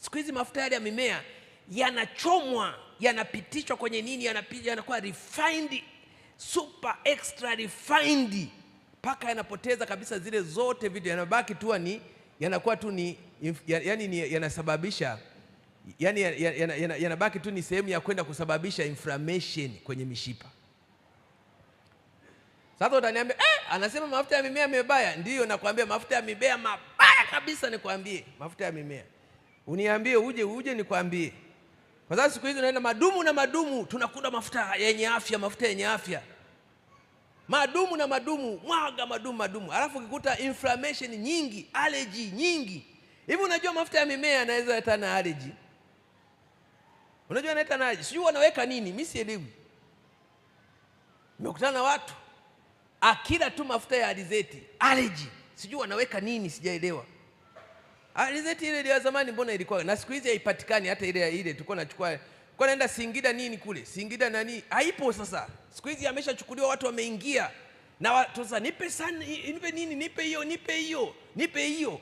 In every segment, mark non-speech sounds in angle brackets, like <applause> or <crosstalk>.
Siku hizi mafuta yale ya mimea yanachomwa, yanapitishwa kwenye nini, yanakuwa refined, super extra refined, mpaka yanapoteza kabisa zile zote vitu, yanabaki tu ni yanakuwa tu ni yani yanasababisha yani yanabaki tu ni sehemu ya kwenda kusababisha inflammation kwenye mishipa. Sasa utaniambia eh, anasema mafuta ya mimea mebaya Ndiyo nakwambia mafuta ya mimea mabaya kabisa, nikwambie mafuta ya mimea uniambie uje uje nikwambie, kwa sababu siku hizi unaenda madumu na madumu, tunakula mafuta yenye afya, mafuta yenye afya, madumu na madumu, mwaga madumu madumu, alafu ukikuta inflammation nyingi, allergy nyingi. Hivi unajua mafuta ya mimea yanaweza leta na allergy? Unajua analeta na allergy, sijui wanaweka nini, mimi sielewi. Nimekutana na watu akila tu mafuta ya alizeti allergy, sijui wanaweka nini, sijaelewa alizeti ah, ile ya zamani mbona ilikuwa na siku hizi haipatikani hata ile ile tulikuwa tunachukua. kwa naenda Singida nini kule Singida nani haipo sasa siku hizi ameshachukuliwa watu wameingia na watu sasa nipe sana nipe nini nipe hiyo nipe hiyo nipe hiyo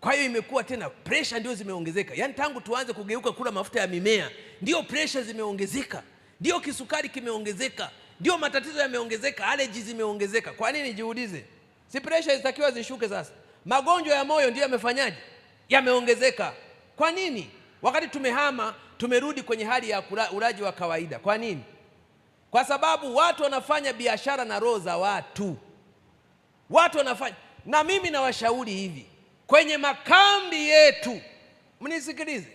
kwa hiyo imekuwa tena pressure ndio zimeongezeka yaani tangu tuanze kugeuka kula mafuta ya mimea ndio pressure zimeongezeka ndio kisukari kimeongezeka ndio matatizo yameongezeka allergies zimeongezeka kwa nini jiulize si pressure zitakiwa zishuke sasa magonjwa ya moyo ndio yamefanyaje yameongezeka. Kwa nini? Wakati tumehama tumerudi kwenye hali ya ulaji wa kawaida. Kwa nini? Kwa sababu watu wanafanya biashara na roho za watu, watu wanafanya na mimi nawashauri hivi kwenye makambi yetu, mnisikilize,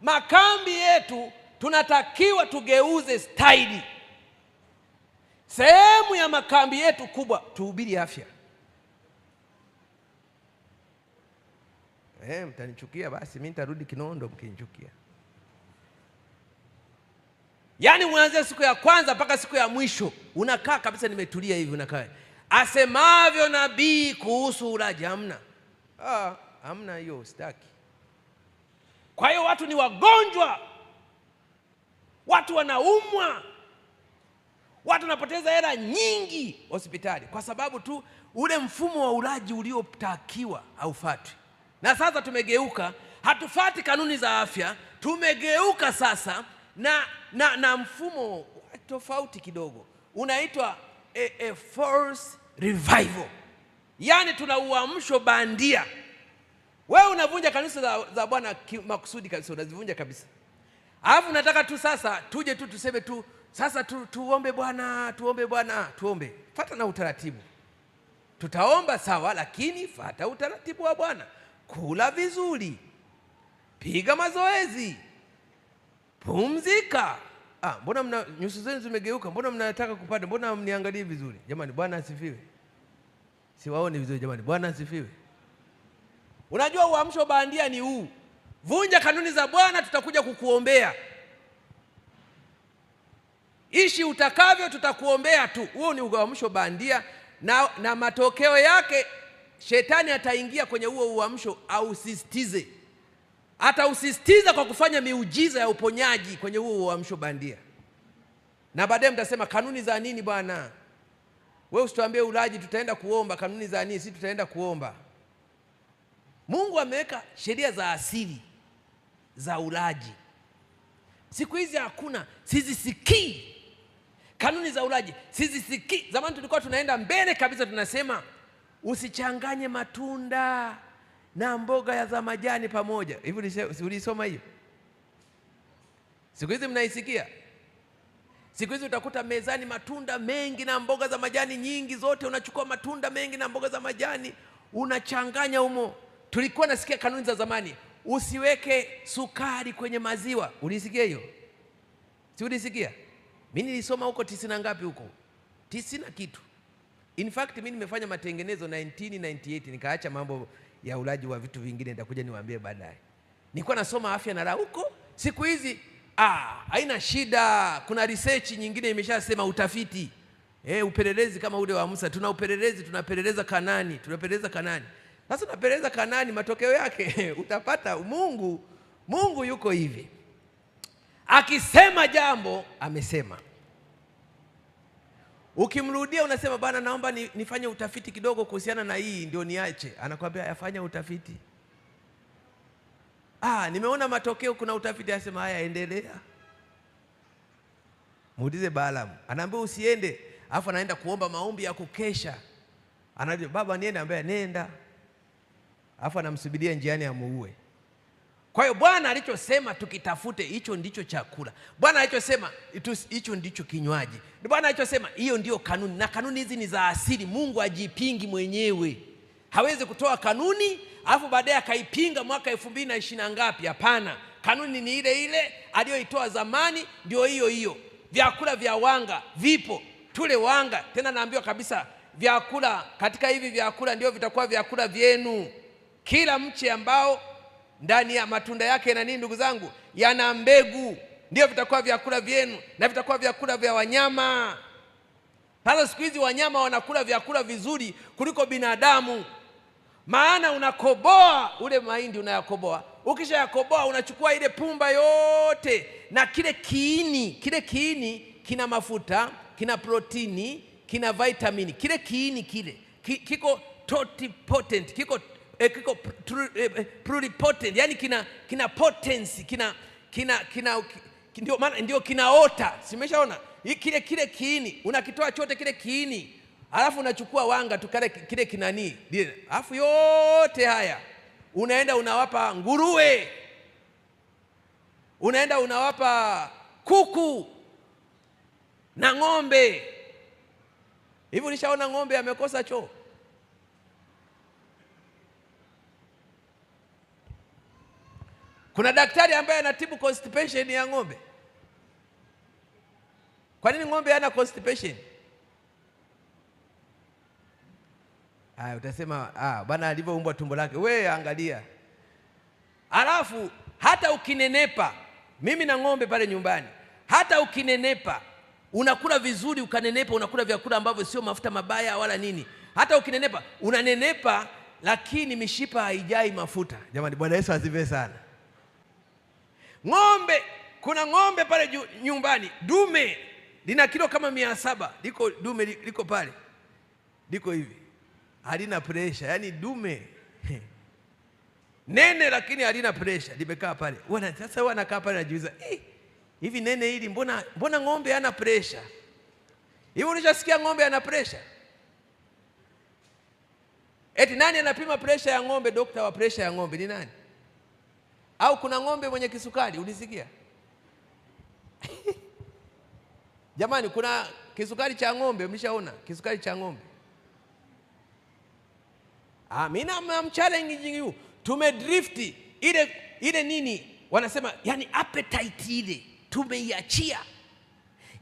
makambi yetu tunatakiwa tugeuze staili. Sehemu ya makambi yetu kubwa, tuhubiri afya. Eh, mtanichukia basi mimi nitarudi Kinondo mkinichukia. Yaani mwanzia siku ya kwanza mpaka siku ya mwisho unakaa kabisa, nimetulia hivi, unakaa asemavyo nabii kuhusu ulaji, hamna ah, hamna hiyo, sitaki. Kwa hiyo watu ni wagonjwa, watu wanaumwa, watu wanapoteza hela nyingi hospitali kwa sababu tu ule mfumo wa ulaji uliotakiwa haufuatwi na sasa tumegeuka, hatufati kanuni za afya, tumegeuka sasa na, na, na mfumo tofauti kidogo unaitwa a, a false revival, yaani tuna uamsho bandia. Wewe unavunja kanisa za, za Bwana makusudi kabisa, unazivunja kabisa, alafu nataka tu sasa tuje tu tuseme tu sasa tu, tuombe Bwana, tuombe Bwana, tuombe. Fata na utaratibu, tutaomba sawa, lakini fata utaratibu wa Bwana kula vizuri, piga mazoezi, pumzika. Ah, mbona mna nyuso zenu zimegeuka? Mbona mnataka kupanda Mbona mniangalie vizuri? Jamani, Bwana asifiwe. Siwaoni vizuri jamani, Bwana asifiwe. Unajua uamsho bandia ni huu, vunja kanuni za Bwana, tutakuja kukuombea. Ishi utakavyo, tutakuombea tu. Huo ni uamsho bandia na, na matokeo yake shetani ataingia kwenye huo uamsho ausisitize, atausisitiza kwa kufanya miujiza ya uponyaji kwenye huo uamsho bandia, na baadaye mtasema kanuni za nini bwana? Wewe usituambie ulaji, tutaenda kuomba. Kanuni za nini? Si tutaenda kuomba. Mungu ameweka sheria za asili za ulaji. Siku hizi hakuna, sizisikii kanuni za ulaji, sizisikii. Zamani tulikuwa tunaenda mbele kabisa, tunasema usichanganye matunda na mboga ya za majani pamoja. Hivi ulisoma hiyo? Siku hizi mnaisikia, siku hizi utakuta mezani matunda mengi na mboga za majani nyingi zote. Unachukua matunda mengi na mboga za majani unachanganya humo. Tulikuwa nasikia kanuni za zamani, usiweke sukari kwenye maziwa. Ulisikia hiyo? Si ulisikia? Mimi nilisoma huko tisini na ngapi huko, tisini na kitu In fact mimi nimefanya matengenezo 1998 nikaacha mambo ya ulaji wa vitu vingine, nitakuja niwaambie baadaye. Nilikuwa nasoma afya na huko, siku hizi ah, haina shida. Kuna research nyingine imeshasema, utafiti eh, upelelezi kama ule wa Musa, tuna upelelezi, tunapeleleza Kanani, tunapeleleza Kanani. Sasa unapeleleza Kanani, matokeo yake <laughs> utapata Mungu. Mungu yuko hivi, akisema jambo amesema Ukimrudia unasema bana, naomba nifanye utafiti kidogo kuhusiana na hii, ndio niache. Anakwambia yafanya utafiti. Ah, nimeona matokeo, kuna utafiti. Anasema haya, endelea. Muulize baalamu anaambia usiende, alafu anaenda kuomba maombi ya kukesha. anaambia baba, niende? Ambaye nenda, alafu anamsubiria njiani amuue. Kwa hiyo Bwana alichosema tukitafute, hicho ndicho chakula. Bwana alichosema hicho ndicho kinywaji. Bwana alichosema hiyo ndiyo kanuni, na kanuni hizi ni za asili. Mungu ajipingi mwenyewe, hawezi kutoa kanuni alafu baadaye akaipinga mwaka elfu mbili na ishirini na ngapi? Hapana, kanuni ni ile ile aliyoitoa zamani, ndio hiyo hiyo. Vyakula vya wanga vipo, tule wanga. Tena naambiwa kabisa, vyakula katika hivi vyakula ndio vitakuwa vyakula vyenu, kila mche ambao ndani ya matunda yake na nini, ndugu zangu, yana mbegu, ndio vitakuwa vyakula vyenu na vitakuwa vyakula vya wanyama. hasa siku hizi wanyama wanakula vyakula vizuri kuliko binadamu, maana unakoboa ule mahindi, unayakoboa ukisha yakoboa unachukua ile pumba yote na kile kiini. Kile kiini kina mafuta, kina protini, kina vitamini. Kile kiini kile kiko totipotent, kiko eh, kiko eh, eh, pluripotent, yani kina kina potensi kina kina kina ndio maana ndio kinaota. Simeshaona kile kile kiini, unakitoa chote kile kiini, alafu unachukua wanga tukale kile kile kinani, alafu yote haya unaenda unawapa nguruwe, unaenda unawapa kuku na ng'ombe. Hivi ulishaona ng'ombe amekosa choo? Kuna daktari ambaye anatibu constipation ya ng'ombe. Kwa nini ng'ombe hana constipation? Aya, utasema ah, bwana alivyoumbwa tumbo lake. We angalia, alafu hata ukinenepa, mimi na ng'ombe pale nyumbani, hata ukinenepa unakula vizuri, ukanenepa unakula vyakula ambavyo sio mafuta mabaya wala nini. Hata ukinenepa unanenepa, lakini mishipa haijai mafuta. Jamani, Bwana Yesu azivee sana. Ng'ombe, kuna ng'ombe pale nyumbani, dume lina kilo kama mia saba, liko dume liko pale, liko hivi, halina presha, yaani dume <laughs> nene, lakini halina presha, limekaa pale. Wana sasa wanakaa pale, najiuliza eh, hivi nene hili mbona, mbona ng'ombe hana presha hivi? Unashasikia ng'ombe ana presha? Eti nani anapima presha ya ng'ombe? Dokta wa presha ya ng'ombe ni nani? au kuna ng'ombe mwenye kisukari ulisikia? <laughs> Jamani, kuna kisukari cha ng'ombe, mlishaona kisukari cha ng'ombe? Ah, mimi yangu tume tumedrifti ile ile nini wanasema, yani appetite ile tumeiachia,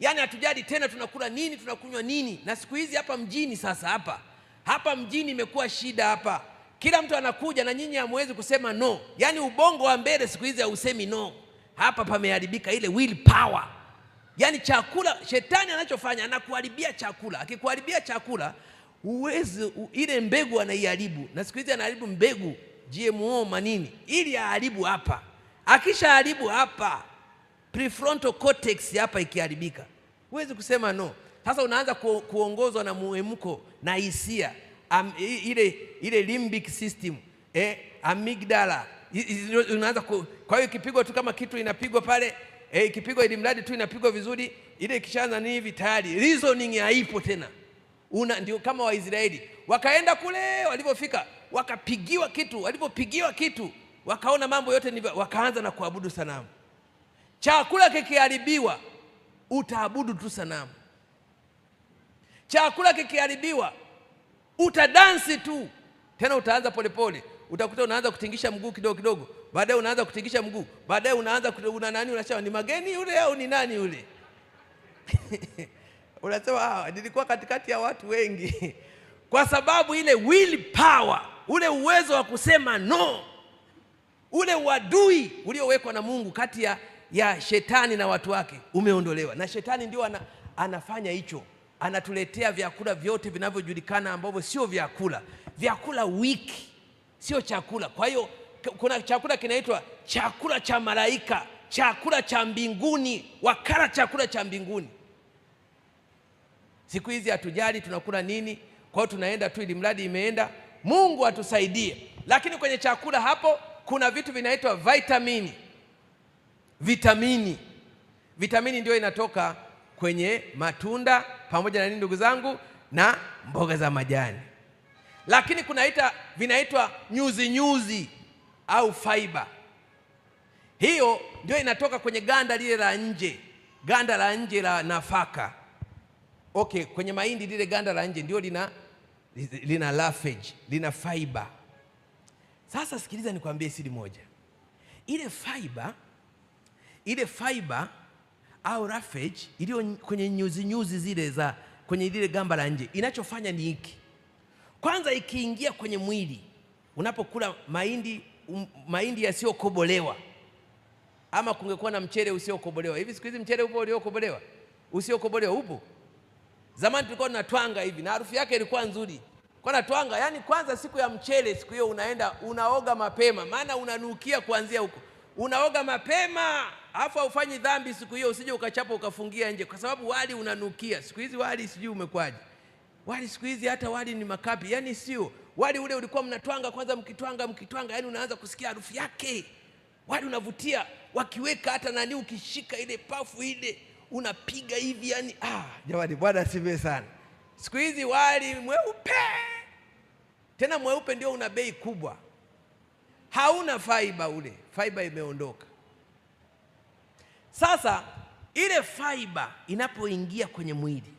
yani hatujali tena tunakula nini tunakunywa nini. Na siku hizi hapa mjini sasa, hapa hapa mjini imekuwa shida hapa kila mtu anakuja na nyinyi hamwezi kusema no. Yaani ubongo wa mbele siku hizi hausemi no. Hapa pameharibika ile will power. Yaani chakula, shetani anachofanya anakuharibia chakula. Akikuharibia chakula uwezi, ile mbegu anaiharibu, na siku hizi anaharibu mbegu GMO manini, ili aharibu hapa. akisha haribu hapa, prefrontal cortex hapa ikiharibika, huwezi kusema no. Sasa unaanza ku, kuongozwa na muemko na hisia am, ile, ile limbic system eh, amigdala unaanza ku, kwa hiyo ikipigwa tu kama kitu inapigwa pale eh, ikipigwa ili mradi tu inapigwa vizuri ile ikishaanza ni hivi tayari reasoning haipo tena. Una ndio kama Waisraeli wakaenda kule, walipofika wakapigiwa kitu, walipopigiwa kitu wakaona mambo yote ni wakaanza na kuabudu sanamu. Chakula kikiharibiwa utaabudu tu sanamu. Chakula kikiharibiwa utadansi tu, tena utaanza polepole pole. Utakuta unaanza kutingisha mguu kidogo kidogo, baadaye unaanza kutingisha mguu, baadaye unaanza una nani, unasema ni mageni yule au ni nani yule? <laughs> Unasema ah, nilikuwa katikati ya watu wengi <laughs> kwa sababu ile will power, ule uwezo wa kusema no, ule uadui uliowekwa na Mungu kati ya, ya shetani na watu wake umeondolewa, na shetani ndio ana, anafanya hicho anatuletea vyakula vyote vinavyojulikana ambavyo sio vyakula, vyakula wiki, sio chakula. Kwa hiyo kuna chakula kinaitwa chakula cha malaika, chakula cha mbinguni, wakala chakula cha mbinguni. Siku hizi hatujali tunakula nini, kwa hiyo tunaenda tu ili mradi imeenda. Mungu atusaidie. Lakini kwenye chakula hapo kuna vitu vinaitwa vitamini, vitamini, vitamini ndio inatoka kwenye matunda pamoja na nini, ndugu zangu, na mboga za majani, lakini kunaita vinaitwa nyuzi nyuzi au fiber. Hiyo ndio inatoka kwenye ganda lile la nje, ganda la nje la nafaka. Okay, kwenye mahindi lile ganda la nje ndio lina, lina lafage, lina fiber. Sasa sikiliza, nikwambie siri moja. Ile fiber ile fiber au roughage iliyo kwenye nyuzi nyuzi zile za kwenye lile gamba la nje, inachofanya ni hiki. Kwanza ikiingia kwenye mwili, unapokula mahindi um, mahindi yasiyokobolewa ama kungekuwa na mchele usiokobolewa. Hivi siku hizi mchele upo uliokobolewa? Usiokobolewa upo? Zamani tulikuwa tunatwanga hivi na harufu yake ilikuwa nzuri. Kwa natwanga, yani kwanza siku ya mchele siku hiyo unaenda unaoga mapema maana unanukia kuanzia huko. Unaoga mapema alafu haufanyi dhambi siku hiyo, usije ukachapa ukafungia nje, kwa sababu wali unanukia. Siku hizi wali sijui umekwaje, wali siku hizi hata wali ni makapi, yani sio wali ule ulikuwa mnatwanga kwanza, mkitwanga mkitwanga, yani unaanza kusikia harufu yake, wali unavutia, wakiweka hata nani, ukishika ile pafu ile unapiga hivi, yani ah, jamani, bwana asifiwe sana. Siku hizi wali mweupe tena mweupe ndio una bei kubwa, hauna faiba ule, faiba imeondoka. Sasa ile fiber inapoingia kwenye mwili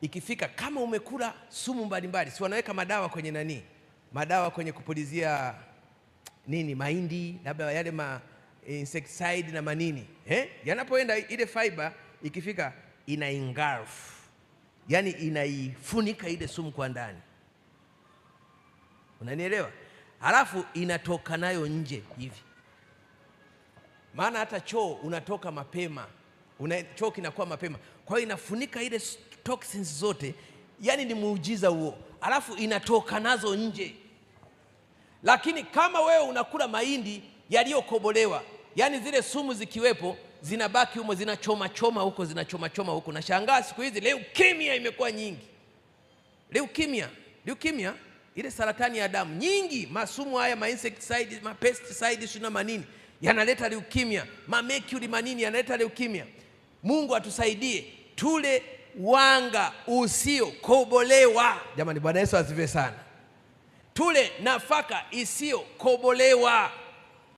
ikifika, kama umekula sumu mbalimbali, si wanaweka madawa kwenye nani, madawa kwenye kupulizia nini, mahindi labda yale ma eh, insecticide na manini eh? Yanapoenda ile fiber ikifika, ina engulf, yani inaifunika ile sumu kwa ndani, unanielewa? Halafu inatoka nayo nje hivi maana hata choo unatoka mapema una, choo kinakuwa mapema, kwa hiyo inafunika ile toxins zote, yani ni muujiza huo, alafu inatoka nazo nje. Lakini kama wewe unakula mahindi yaliyokobolewa, yani zile sumu zikiwepo zinabaki humo, zinachoma choma huko, zinachoma choma huko. Nashangaa siku hizi leukemia imekuwa nyingi, leukemia, leukemia ile saratani ya damu nyingi, masumu haya, ma insecticide, ma pesticide, sina manini yanaleta leukemia, mamekuli manini yanaleta leukemia. Mungu atusaidie tule wanga usiokobolewa. Jamani, Bwana Yesu asifiwe sana. Tule nafaka isiyokobolewa.